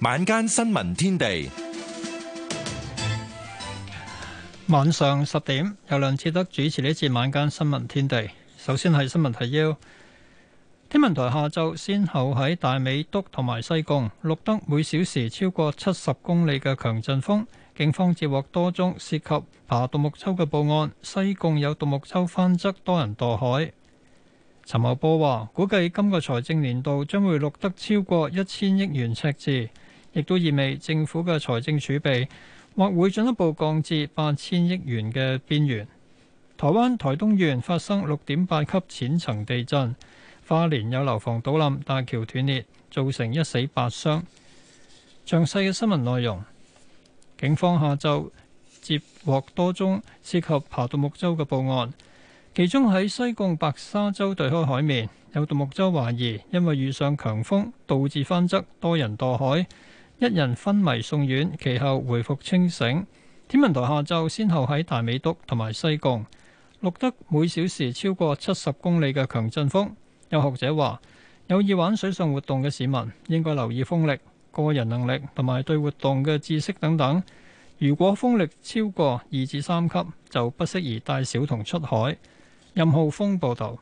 晚間新聞天地，晚上十點由梁志德主持呢次晚間新聞天地。首先係新聞提要：天文台下晝先後喺大美督同埋西貢錄得每小時超過七十公里嘅強陣風，警方接獲多宗涉及爬獨木舟嘅報案，西貢有獨木舟翻側，多人墮海。陳茂波話：估計今個財政年度將會錄得超過一千億元赤字，亦都意味政府嘅財政儲備或會進一步降至八千億元嘅邊緣。台灣台東縣發生六點八級淺層地震，花蓮有樓房倒冧，大橋斷裂，造成一死八傷。詳細嘅新聞內容，警方下晝接獲多宗涉及扒獨木舟嘅報案。其中喺西貢白沙洲對開海面有獨木舟懷疑，因為遇上強風導致翻側，多人墮海，一人昏迷送院，其後回復清醒。天文台下晝先後喺大美督同埋西貢錄得每小時超過七十公里嘅強陣風。有學者話，有意玩水上活動嘅市民應該留意風力、個人能力同埋對活動嘅知識等等。如果風力超過二至三級，就不適宜帶小童出海。任浩峰報道。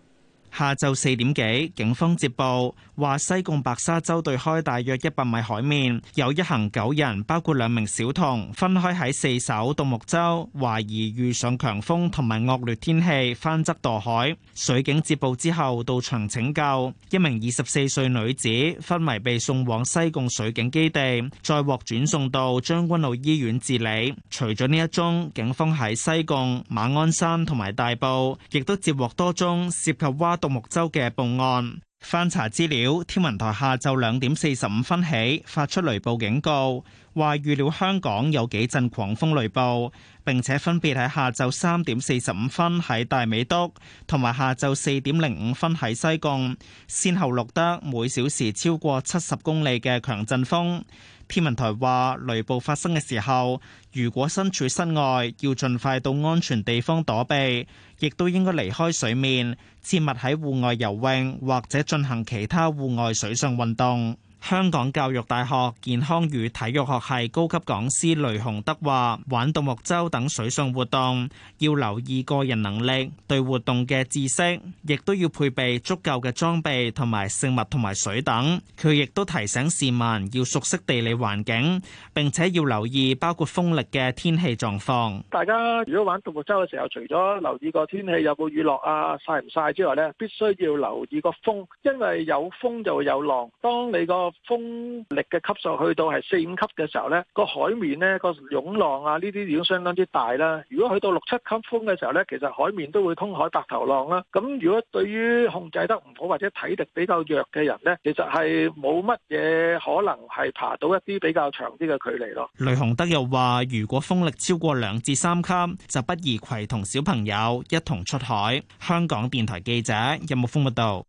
下晝四點幾，警方接報，話西貢白沙洲對開大約一百米海面有一行九人，包括兩名小童，分開喺四艘獨木舟，懷疑遇上強風同埋惡劣天氣，翻側墮海。水警接報之後到場拯救，一名二十四歲女子昏迷被送往西貢水警基地，再獲轉送到將軍澳醫院治理。除咗呢一宗，警方喺西貢馬鞍山同埋大埔亦都接獲多宗涉及挖獨木舟嘅報案，翻查資料，天文台下晝兩點四十五分起發出雷暴警告。話預料香港有幾陣狂風雷暴，並且分別喺下晝三點四十五分喺大美督，同埋下晝四點零五分喺西貢，先後錄得每小時超過七十公里嘅強陣風。天文台話，雷暴發生嘅時候，如果身處室外，要盡快到安全地方躲避，亦都應該離開水面，切勿喺戶外游泳或者進行其他戶外水上運動。香港教育大學健康與體育學系高級講師雷洪德話：玩獨木舟等水上活動，要留意個人能力對活動嘅知識，亦都要配備足夠嘅裝備同埋食物同埋水等。佢亦都提醒市民要熟悉地理環境，並且要留意包括風力嘅天氣狀況。大家如果玩獨木舟嘅時候，除咗留意個天氣有冇雨落啊，曬唔曬之外咧，必須要留意個風，因為有風就會有浪。當你個風力嘅級數去到係四五級嘅時候，呢個海面呢個湧浪啊呢啲已經都相當之大啦。如果去到六七級風嘅時候呢，其實海面都會通海白頭浪啦。咁如果對於控制得唔好或者體力比較弱嘅人呢，其實係冇乜嘢可能係爬到一啲比較長啲嘅距離咯。雷洪德又話，如果風力超過兩至三級，就不宜攜同小朋友一同出海。香港電台記者任木峰報道。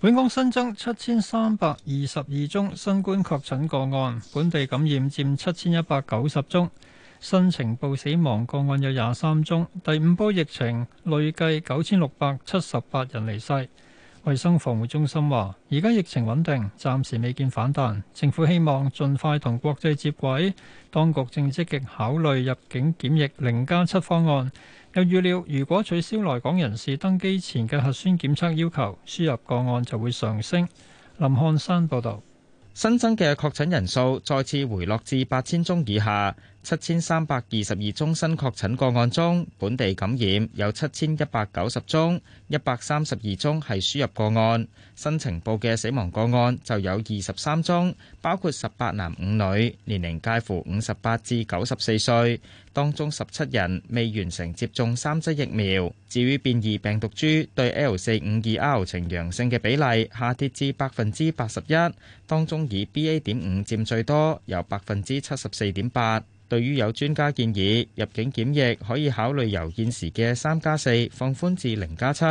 本港新增七千三百二十二宗新冠確診個案，本地感染佔七千一百九十宗，新呈報死亡個案有廿三宗。第五波疫情累計九千六百七十八人離世。衛生防護中心話：而家疫情穩定，暫時未見反彈。政府希望盡快同國際接軌，當局正積極考慮入境檢疫零加七方案。有預料，如果取消來港人士登機前嘅核酸檢測要求，輸入個案就會上升。林漢山報道，新增嘅確診人數再次回落至八千宗以下。七千三百二十二宗新確診個案中，本地感染有七千一百九十宗，一百三十二宗係輸入個案。新呈報嘅死亡個案就有二十三宗，包括十八男五女，年齡介乎五十八至九十四歲，當中十七人未完成接種三劑疫苗。至於變異病毒株對 L 四五二 R 呈陽性嘅比例下跌至百分之八十一，當中以 BA 點五佔最多由，由百分之七十四點八。對於有專家建議，入境檢疫可以考慮由現時嘅三加四放寬至零加七。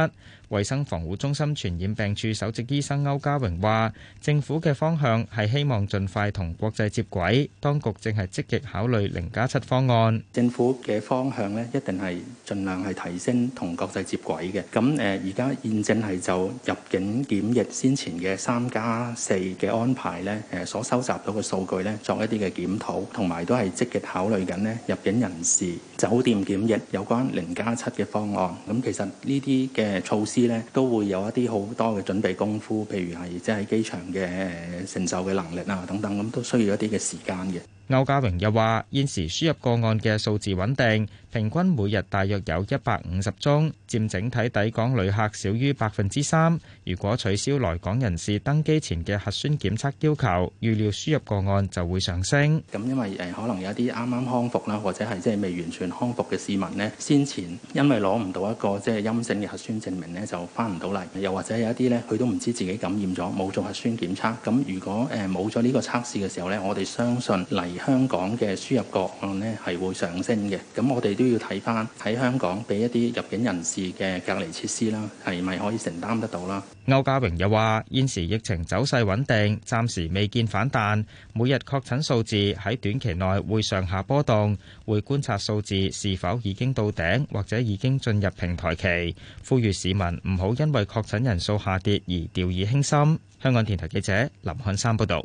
衛生防護中心傳染病處首席醫生歐家榮話：政府嘅方向係希望盡快同國際接軌，當局正係積極考慮零加七方案。政府嘅方向咧，一定係盡量係提升同國際接軌嘅。咁誒，而家現正係就入境檢疫先前嘅三加四嘅安排咧，誒所收集到嘅數據咧，作一啲嘅檢討，同埋都係積極考慮緊咧入境人士酒店檢疫有關零加七嘅方案。咁其實呢啲嘅措施。都會有一啲好多嘅準備功夫，譬如係即係喺機場嘅承受嘅能力啊等等，咁都需要一啲嘅時間嘅。歐家榮又話：現時輸入個案嘅數字穩定，平均每日大約有一百五十宗，佔整體抵港旅客少於百分之三。如果取消來港人士登機前嘅核酸檢測要求，預料輸入個案就會上升。咁因為誒可能有一啲啱啱康復啦，或者係即係未完全康復嘅市民咧，先前因為攞唔到一個即係陰性嘅核酸證明呢就翻唔到嚟。又或者有一啲呢，佢都唔知自己感染咗，冇做核酸檢測。咁如果誒冇咗呢個測試嘅時候呢，我哋相信嚟香港嘅輸入個案呢係會上升嘅，咁我哋都要睇翻喺香港俾一啲入境人士嘅隔離設施啦，係咪可以承擔得到啦？歐家榮又話現時疫情走勢穩定，暫時未見反彈，每日確診數字喺短期內會上下波動，會觀察數字是否已經到頂或者已經進入平台期，呼籲市民唔好因為確診人數下跌而掉以輕心。香港電台記者林漢山報道。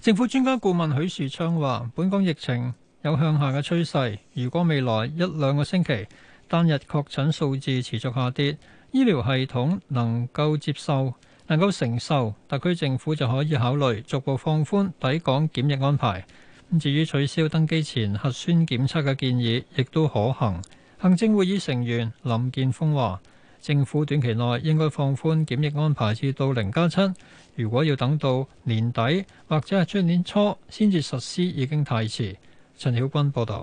政府專家顧問許樹昌話：本港疫情有向下嘅趨勢，如果未來一兩個星期單日確診數字持續下跌，醫療系統能夠接受、能夠承受，特區政府就可以考慮逐步放寬抵港檢疫安排。咁至於取消登機前核酸檢測嘅建議，亦都可行。行政會議成員林健鋒話：政府短期內應該放寬檢疫安排，至到零加七。7, 如果要等到年底或者係將年初先至實施，已經太遲。陳曉君報道。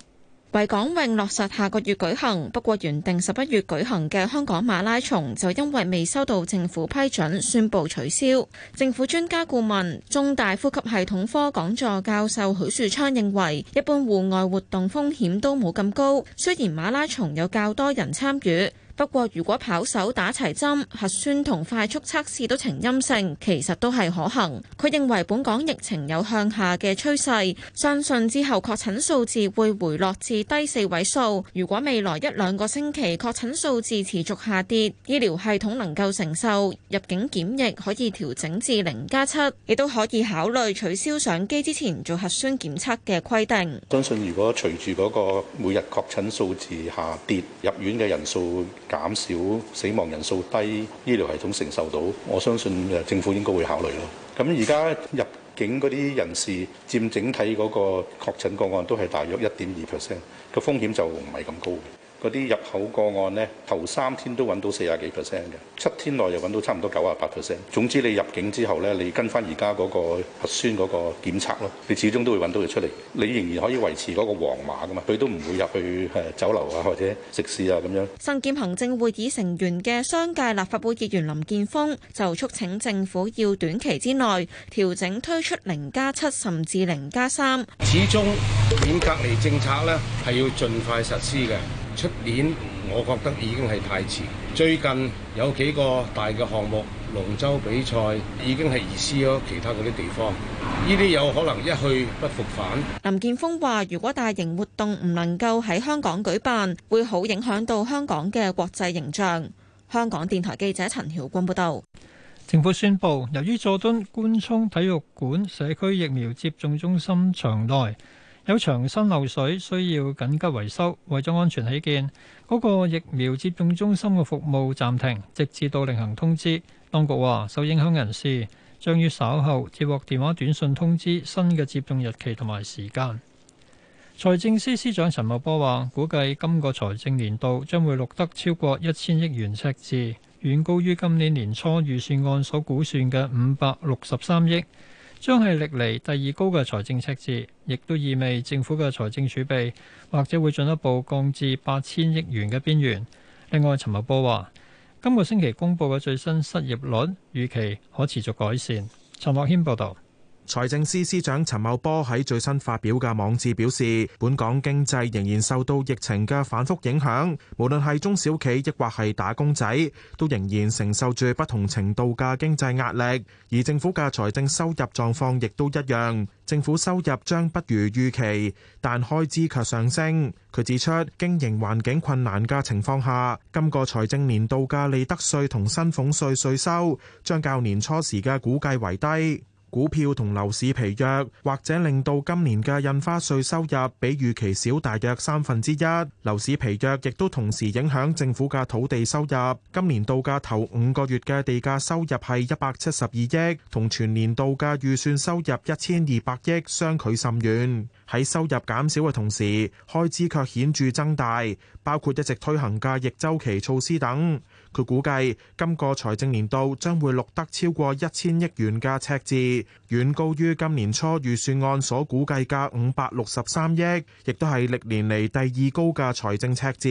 維港泳落實下個月舉行，不過原定十一月舉行嘅香港馬拉松就因為未收到政府批准，宣佈取消。政府專家顧問、中大呼吸系統科講座教授許樹昌，昌認為，一般戶外活動風險都冇咁高，雖然馬拉松有較多人參與。不過，如果跑手打齊針、核酸同快速測試都呈陰性，其實都係可行。佢認為本港疫情有向下嘅趨勢，相信之後確診數字會回落至低四位數。如果未來一兩個星期確診數字持續下跌，醫療系統能夠承受，入境檢疫可以調整至零加七，亦都可以考慮取消上機之前做核酸檢測嘅規定。相信如果隨住嗰個每日確診數字下跌，入院嘅人數減少，死亡人數低，醫療系統承受到，我相信政府應該會考慮咯。咁而家入境嗰啲人士佔整體嗰個確診個案都係大約一點二 percent，個風險就唔係咁高嘅。嗰啲入口個案呢，頭三天都揾到四十幾 percent 嘅，七天內又揾到差唔多九十八 percent。總之你入境之後咧，你跟返而家嗰個核酸嗰個檢測咯，你始終都會揾到佢出嚟。你仍然可以維持嗰個黃碼噶嘛，佢都唔會入去誒酒樓啊，或者食肆啊咁樣。身兼行政會議成員嘅商界立法會議，議員林建峰就促請政府要短期之內調整推出零加七，7，甚至零加三。始終免隔離政策咧，係要盡快實施嘅。出年我覺得已經係太遲。最近有幾個大嘅項目，龍舟比賽已經係移師咗其他嗰啲地方，呢啲有可能一去不復返。林健鋒話：如果大型活動唔能夠喺香港舉辦，會好影響到香港嘅國際形象。香港電台記者陳曉冠報導。政府宣布，由於佐敦官涌體育館社區疫苗接種中心場內，有牆身漏水，需要緊急維修。為咗安全起見，嗰、那個疫苗接種中心嘅服務暫停，直至到另行通知。當局話，受影響人士將於稍後接獲電話、短信通知新嘅接種日期同埋時間。財政司司長陳茂波話，估計今個財政年度將會錄得超過一千億元赤字，遠高於今年年初預算案所估算嘅五百六十三億。將係歷嚟第二高嘅財政赤字，亦都意味政府嘅財政儲備或者會進一步降至八千億元嘅邊緣。另外，陳茂波話：今個星期公佈嘅最新失業率預期可持續改善。陳茂謙報道。財政司司長陳茂波喺最新發表嘅網誌表示，本港經濟仍然受到疫情嘅反復影響，無論係中小企，亦或係打工仔，都仍然承受住不同程度嘅經濟壓力。而政府嘅財政收入狀況亦都一樣，政府收入將不如預期，但開支卻上升。佢指出，經營環境困難嘅情況下，今個財政年度嘅利得稅同薪俸稅稅收將較年初時嘅估計為低。股票同樓市疲弱，或者令到今年嘅印花稅收入比預期少大約三分之一。樓市疲弱亦都同時影響政府嘅土地收入。今年度嘅頭五個月嘅地價收入係一百七十二億，同全年度嘅預算收入一千二百億相距甚遠。喺收入減少嘅同時，開支卻顯著增大，包括一直推行嘅逆周期措施等。佢估計今個財政年度將會錄得超過一千億元嘅赤字，遠高於今年初預算案所估計嘅五百六十三億，亦都係歷年嚟第二高嘅財政赤字，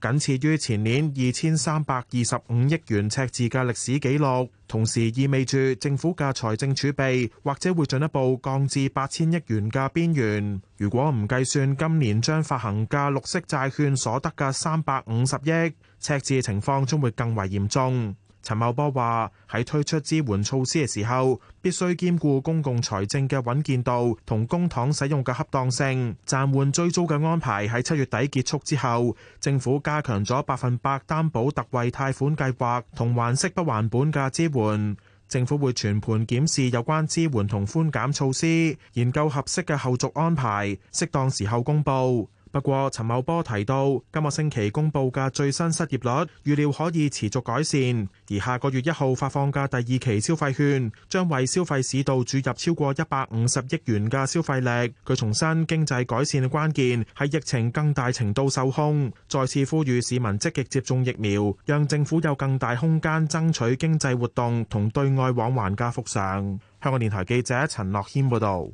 僅次於前年二千三百二十五億元赤字嘅歷史紀錄。同時意味住政府嘅財政儲備或者會進一步降至八千億元嘅邊緣。如果唔計算今年將發行嘅綠色債券所得嘅三百五十億，赤字嘅情況將會更為嚴重。陳茂波話：喺推出支援措施嘅時候，必須兼顧公共財政嘅穩健度同公帑使用嘅恰當性。暫緩追租嘅安排喺七月底結束之後，政府加強咗百分百擔保特惠貸款計劃同還息不還本嘅支援。政府會全盤檢視有關支援同寬減措施，研究合適嘅後續安排，適當時候公佈。不過，陳茂波提到，今個星期公佈嘅最新失業率預料可以持續改善，而下個月一號發放嘅第二期消費券將為消費市道注入超過一百五十億元嘅消費力。佢重申經濟改善嘅關鍵係疫情更大程度受控，再次呼籲市民積極接種疫苗，讓政府有更大空間爭取經濟活動同對外往還嘅復常。香港電台記者陳樂軒報導。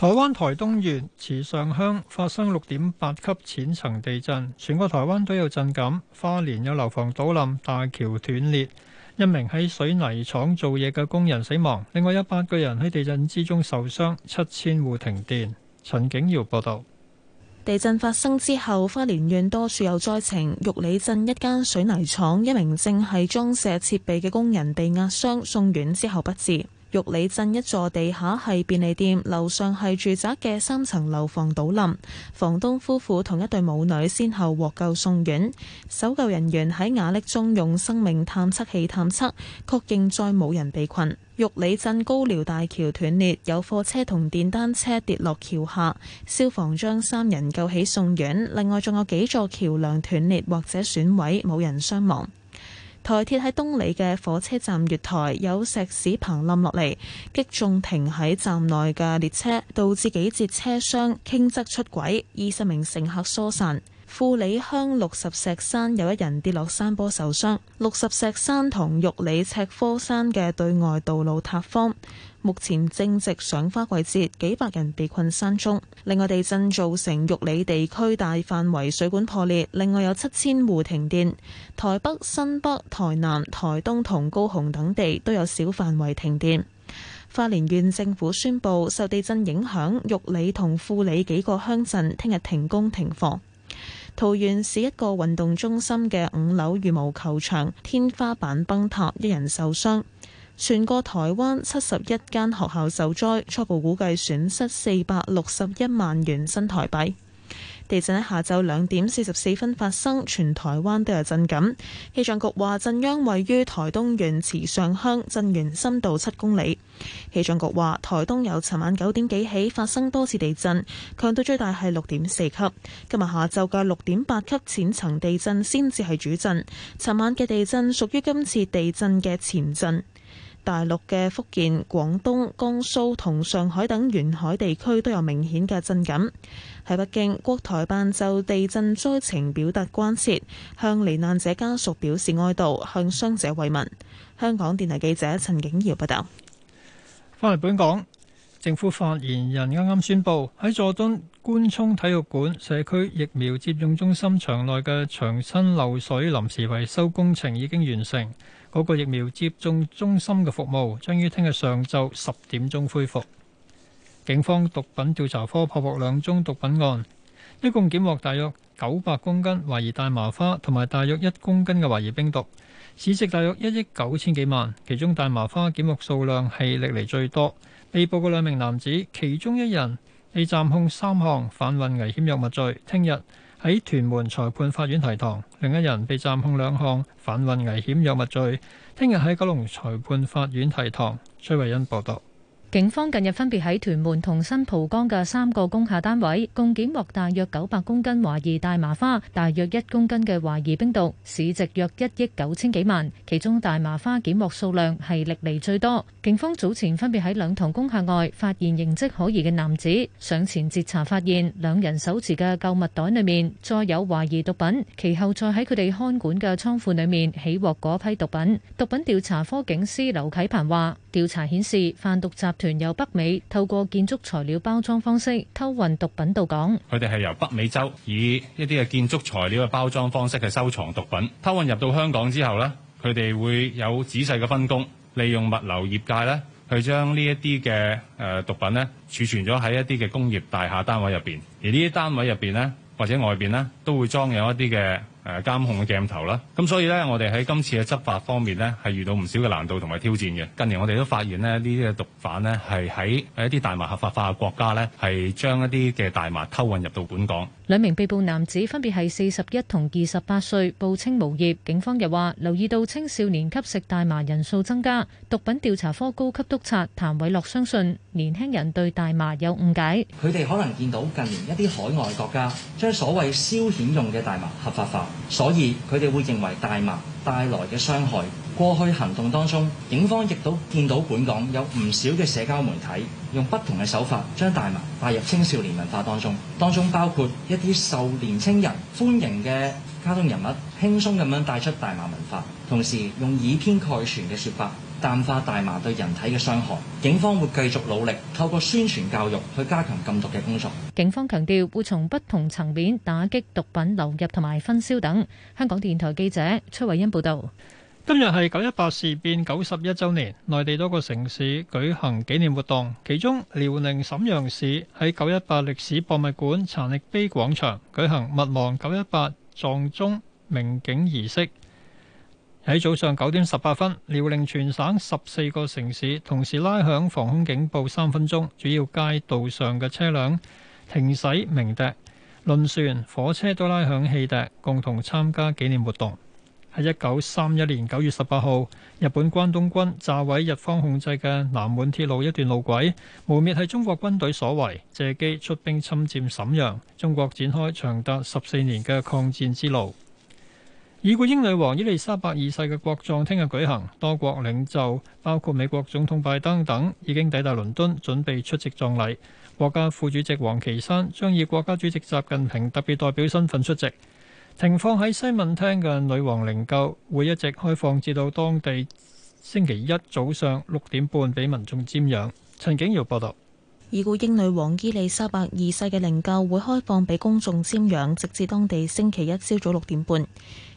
台灣台東縣池上鄉發生六點八級淺層地震，全個台灣都有震感。花蓮有樓房倒冧、大橋斷裂，一名喺水泥廠做嘢嘅工人死亡，另外一百個人喺地震之中受傷，七千戶停電。陳景堯報道。地震發生之後，花蓮縣多處有災情。玉里鎮一間水泥廠，一名正喺裝卸設備嘅工人被壓傷，送院之後不治。玉里鎮一座地下係便利店、樓上係住宅嘅三層樓房倒冧，房東夫婦同一對母女先後獲救送院。搜救人員喺瓦礫中用生命探測器探測，確認再冇人被困。玉里鎮高寮大橋斷裂，有貨車同電單車跌落橋下，消防將三人救起送院。另外仲有幾座橋梁斷裂或者損毀，冇人傷亡。台鐵喺東里嘅火車站月台有石屎棚冧落嚟，擊中停喺站內嘅列車，導致幾節車廂傾側出軌，二十名乘客疏散。富里鄉六十石山有一人跌落山坡受傷，六十石山同玉里赤科山嘅對外道路塌方。目前正值賞花季節，幾百人被困山中。另外，地震造成玉里地區大範圍水管破裂，另外有七千戶停電。台北、新北、台南、台東同高雄等地都有小範圍停電。花蓮縣政府宣布，受地震影響，玉里同富里幾個鄉鎮聽日停工停課。桃園市一個運動中心嘅五樓羽毛球場天花板崩塌，一人受傷。全個台灣七十一間學校受災，初步估計損失四百六十一萬元新台幣。地震喺下晝兩點四十四分發生，全台灣都有震感。氣象局話震央位於台東原池上鄉，震源深度七公里。氣象局話台東由尋晚九點幾起發生多次地震，強度最大係六點四級。今日下晝嘅六點八級淺層地震先至係主震，尋晚嘅地震屬於今次地震嘅前震。大陸嘅福建、廣東、江蘇同上海等沿海地區都有明顯嘅震感。喺北京，國台辦就地震災情表達關切，向罹難者家屬表示哀悼，向傷者慰問。香港電台記者陳景瑤報道。翻嚟本港，政府發言人啱啱宣布，喺佐敦官涌體育館社區疫苗接種中心場內嘅牆身漏水臨時維修工程已經完成。嗰個疫苗接種中心嘅服務將於聽日上晝十點鐘恢復。警方毒品調查科破獲兩宗毒品案，一共檢獲大約九百公斤懷疑大麻花同埋大約一公斤嘅懷疑冰毒，市值大約一億九千幾萬。其中大麻花檢獲數量係歷嚟最多。被捕嘅兩名男子，其中一人被暫控三項販運危險藥物罪。聽日喺屯門裁判法院提堂，另一人被暫控兩項販運危險藥物罪，聽日喺九龍裁判法院提堂。崔慧恩報道。警方近日分別喺屯門同新蒲崗嘅三個工廈單位，共檢獲大約九百公斤懷疑大麻花，大約一公斤嘅懷疑冰毒，市值約一億九千幾萬。其中大麻花檢獲數量係歷嚟最多。警方早前分別喺兩棟工廈外發現形跡可疑嘅男子，上前截查，發現兩人手持嘅購物袋裏面再有懷疑毒品，其後再喺佢哋看管嘅倉庫裏面起獲嗰批毒品。毒品調查科警司劉啟鵬話。調查顯示，販毒集團由北美透過建築材料包裝方式偷運毒品到港。佢哋係由北美洲以一啲嘅建築材料嘅包裝方式去收藏毒品，偷運入到香港之後呢佢哋會有仔細嘅分工，利用物流業界咧去將呢一啲嘅誒毒品呢儲存咗喺一啲嘅工業大廈單位入邊，而呢啲單位入邊呢，或者外邊呢，都會裝有一啲嘅。監控嘅鏡頭啦，咁所以咧，我哋喺今次嘅執法方面咧，係遇到唔少嘅難度同埋挑戰嘅。近年我哋都發現咧，呢啲嘅毒販咧，係喺一啲大麻合法化嘅國家咧，係將一啲嘅大麻偷運入到本港。兩名被捕男子分別係四十一同二十八歲，報稱無業。警方又話留意到青少年吸食大麻人數增加。毒品調查科高級督察譚偉樂相信年輕人對大麻有誤解，佢哋可能見到近年一啲海外國家將所謂消遣用嘅大麻合法化，所以佢哋會認為大麻帶來嘅傷害。過去行動當中，警方亦都見到本港有唔少嘅社交媒體用不同嘅手法將大麻帶入青少年文化當中，當中包括一啲受年青人歡迎嘅卡通人物，輕鬆咁樣帶出大麻文化，同時用以偏概全嘅説法淡化大麻對人體嘅傷害。警方會繼續努力，透過宣傳教育去加強禁毒嘅工作。警方強調會從不同層面打擊毒品流入同埋分銷等。香港電台記者崔偉恩報道。今日係九一八事變九十一周年，內地多個城市舉行紀念活動。其中，遼寧沈陽市喺九一八歷史博物館殘歷碑廣場舉行勿忘九一八撞鐘鳴警儀式。喺早上九點十八分，遼寧全省十四個城市同時拉響防空警報三分鐘，主要街道上嘅車輛停駛鳴笛，輪船、火車都拉響汽笛，共同參加紀念活動。喺一九三一年九月十八號，日本關東軍炸毀日方控制嘅南滿鐵路一段路軌，污蔑係中國軍隊所為，借機出兵侵佔沈陽。中國展開長達十四年嘅抗戰之路。已故英女王伊麗莎白二世嘅國葬聽日舉行，多國領袖包括美國總統拜登等已經抵達倫敦，準備出席葬禮。國家副主席王岐山將以國家主席習近平特別代表身份出席。停放喺西敏廳嘅女王靈柩會一直開放，至到當地星期一早上六點半俾民眾瞻仰。陳景瑤報道，已故英女王伊麗莎白二世嘅靈柩會開放俾公眾瞻仰，直至當地星期一朝早六點半。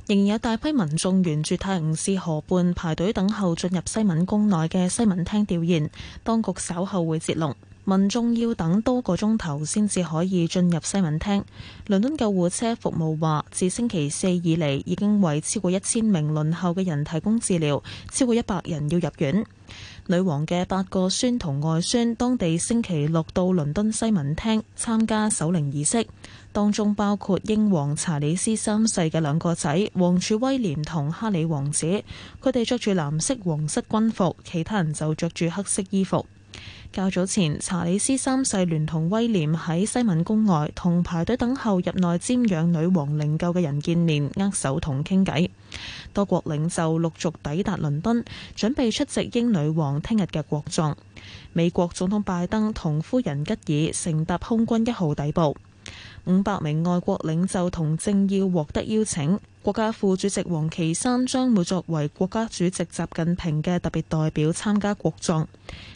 仍然有大批民眾沿住泰晤士河畔排隊等候進入西敏宮內嘅西敏廳調研，當局稍後會接龍。民眾要等多個鐘頭先至可以進入西敏廳。倫敦救護車服務話，自星期四以嚟已經為超過一千名輪候嘅人提供治療，超過一百人要入院。女王嘅八個孫同外孫，當地星期六到倫敦西敏廳參加守靈儀式，當中包括英皇查理斯三世嘅兩個仔，王儲威廉同哈里王子。佢哋着住藍色皇室軍服，其他人就着住黑色衣服。較早前，查理斯三世聯同威廉喺西敏宮外同排隊等候入內瞻仰女王靈柩嘅人見面，握手同傾偈。多國領袖陸續抵達倫敦，準備出席英女王聽日嘅國葬。美國總統拜登同夫人吉爾乘搭空軍一號抵埗，五百名外國領袖同政要獲得邀請。國家副主席王岐山將會作為國家主席習近平嘅特別代表參加國葬。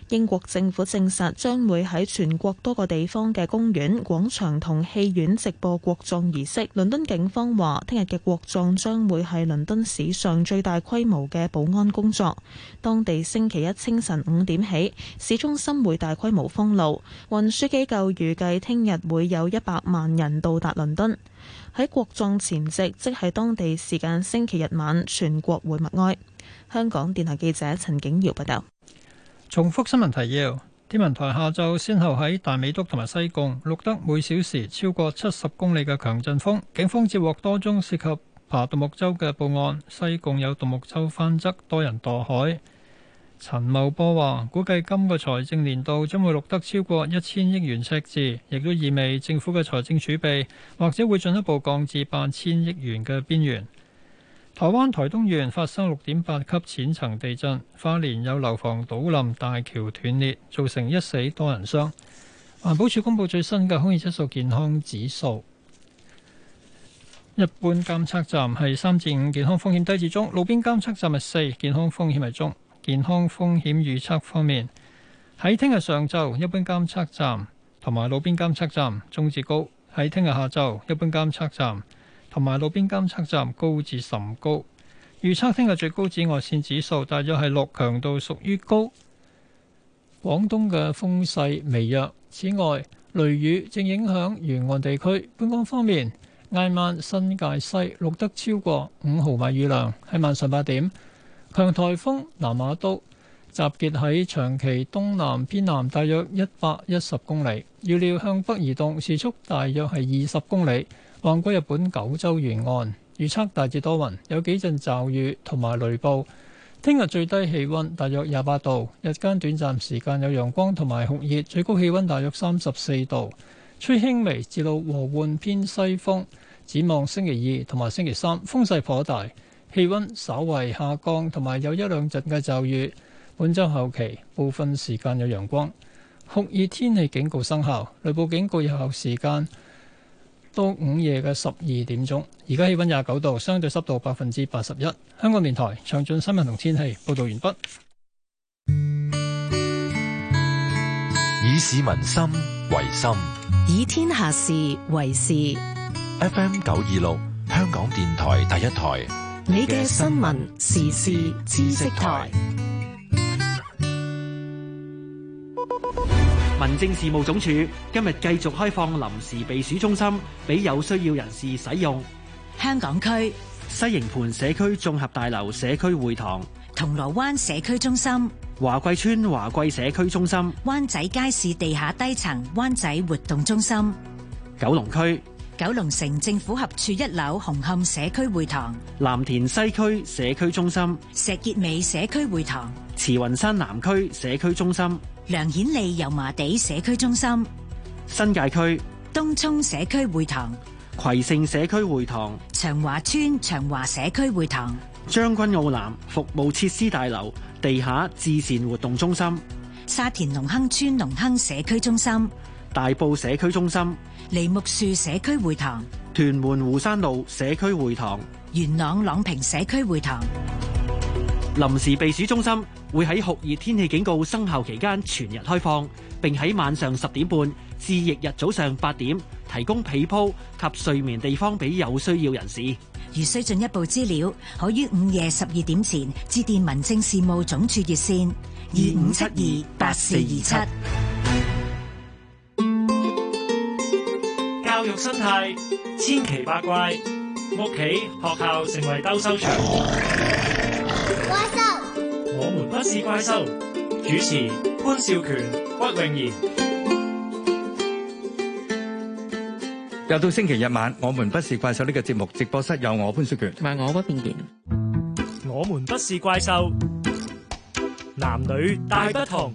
英國政府證實將會喺全國多個地方嘅公園、廣場同戲院直播國葬儀式。倫敦警方話，聽日嘅國葬將會係倫敦史上最大規模嘅保安工作。當地星期一清晨五點起，市中心會大規模封路。運輸機構預計聽日會有一百萬人到達倫敦。喺國葬前夕，即係當地時間星期日晚，全國會默哀。香港電台記者陳景堯報道。重複新聞提要：天文台下晝先後喺大美督同埋西貢錄得每小時超過七十公里嘅強陣風，警方接獲多宗涉及爬獨木舟嘅報案，西貢有獨木舟翻側，多人墮海。陳茂波話：估計今個財政年度將會錄得超過一千億元赤字，亦都意味政府嘅財政儲備或者會進一步降至八千億元嘅邊緣。台灣台東縣發生六點八級淺層地震，花蓮有樓房倒冧，大橋斷裂，造成一死多人傷。環保署公布最新嘅空氣質素健康指數，一般監測站係三至五，健康風險低至中；路邊監測站係四，健康風險係中。健康風險預測方面，喺聽日上晝，一般監測站同埋路邊監測站中至高；喺聽日下晝，一般監測站。同埋，路邊監測站高至甚高，預測聽日最高紫外綫指數大約係六，強度屬於高。廣東嘅風勢微弱。此外，雷雨正影響沿岸地區，本港方面，挨晚、新界西錄得超過五毫米雨量，喺晚上八點。強颱風南馬都集結喺長期東南偏南，大約一百一十公里，預料向北移動，時速大約係二十公里。望過日本九州沿岸，預測大致多雲，有幾陣驟雨同埋雷暴。聽日最低氣溫大約廿八度，日間短暫時間有陽光同埋酷熱，最高氣溫大約三十四度，吹輕微至到和緩偏西風。展望星期二同埋星期三，風勢頗大，氣溫稍為下降，同埋有一兩陣嘅驟雨。本周後期部分時間有陽光，酷熱天氣警告生效，雷暴警告有效時間。到午夜嘅十二點鐘，而家氣溫廿九度，相對濕度百分之八十一。香港電台詳盡新聞同天氣報道完畢。以市民心為心，以天下事為事。FM 九二六，香港電台第一台，你嘅新聞時事知識台。民政事務總署今日繼續開放臨時避暑中心，俾有需要人士使用。香港區西營盤社區綜合大樓社區會堂、銅鑼灣社區中心、華貴村華貴社區中心、灣仔街市地下低層灣仔活動中心、九龍區。九龍城政府合署一樓紅磡社區會堂、藍田西區社區中心、石硤尾社區會堂、慈雲山南區社區中心、梁顯利油麻地社區中心、新界區東涌社區會堂、葵盛社區會堂、長華村長華社區會堂、將軍澳南服務設施大樓地下至善活動中心、沙田隆亨村隆亨社區中心、大埔社區中心。梨木樹社區會堂、屯門湖山路社區會堂、元朗朗屏社區會堂，臨時避暑中心會喺酷熱天氣警告生效期間全日開放，並喺晚上十點半至翌日早上八點提供被鋪及睡眠地方俾有需要人士。如需進一步資料，可於午夜十二點前致電民政事務總署熱線二五七二八四二七。教育生態千奇百怪，屋企學校成為鬥獸場。怪獸，我們不是怪獸。主持潘少權、屈穎妍。又到星期日晚，我們不是怪獸呢個節目直播室有我潘少權，同埋我屈穎妍。我們不是怪獸，男女大不同。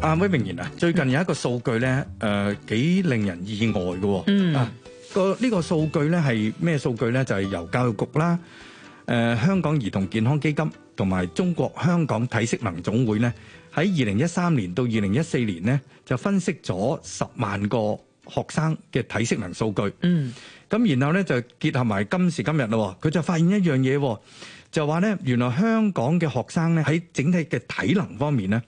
阿威、啊、明言啊，最近有一個數據咧，誒、呃、幾令人意外嘅、啊。嗯。啊，個呢個數據咧係咩數據咧？就係、是、由教育局啦、誒、呃、香港兒童健康基金同埋中國香港體適能總會咧，喺二零一三年到二零一四年咧，就分析咗十萬個學生嘅體適能數據。嗯。咁然後咧就結合埋今時今日咯，佢就發現一樣嘢，就話咧原來香港嘅學生咧喺整體嘅體能方面咧。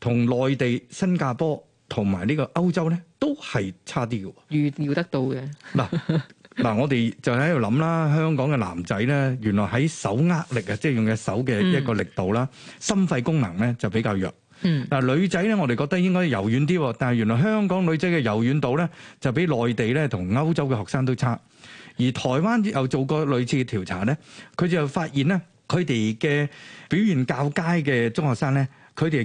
同內地、新加坡同埋呢個歐洲咧，都係差啲嘅，預料得到嘅。嗱 嗱，我哋就喺度諗啦，香港嘅男仔咧，原來喺手握力啊，即係用嘅手嘅一個力度啦，心肺功能咧就比較弱。嗯，嗱女仔咧，我哋覺得應該柔軟啲，但係原來香港女仔嘅柔軟度咧，就比內地咧同歐洲嘅學生都差。而台灣又做過類似嘅調查咧，佢就發現咧，佢哋嘅表現較佳嘅中學生咧，佢哋。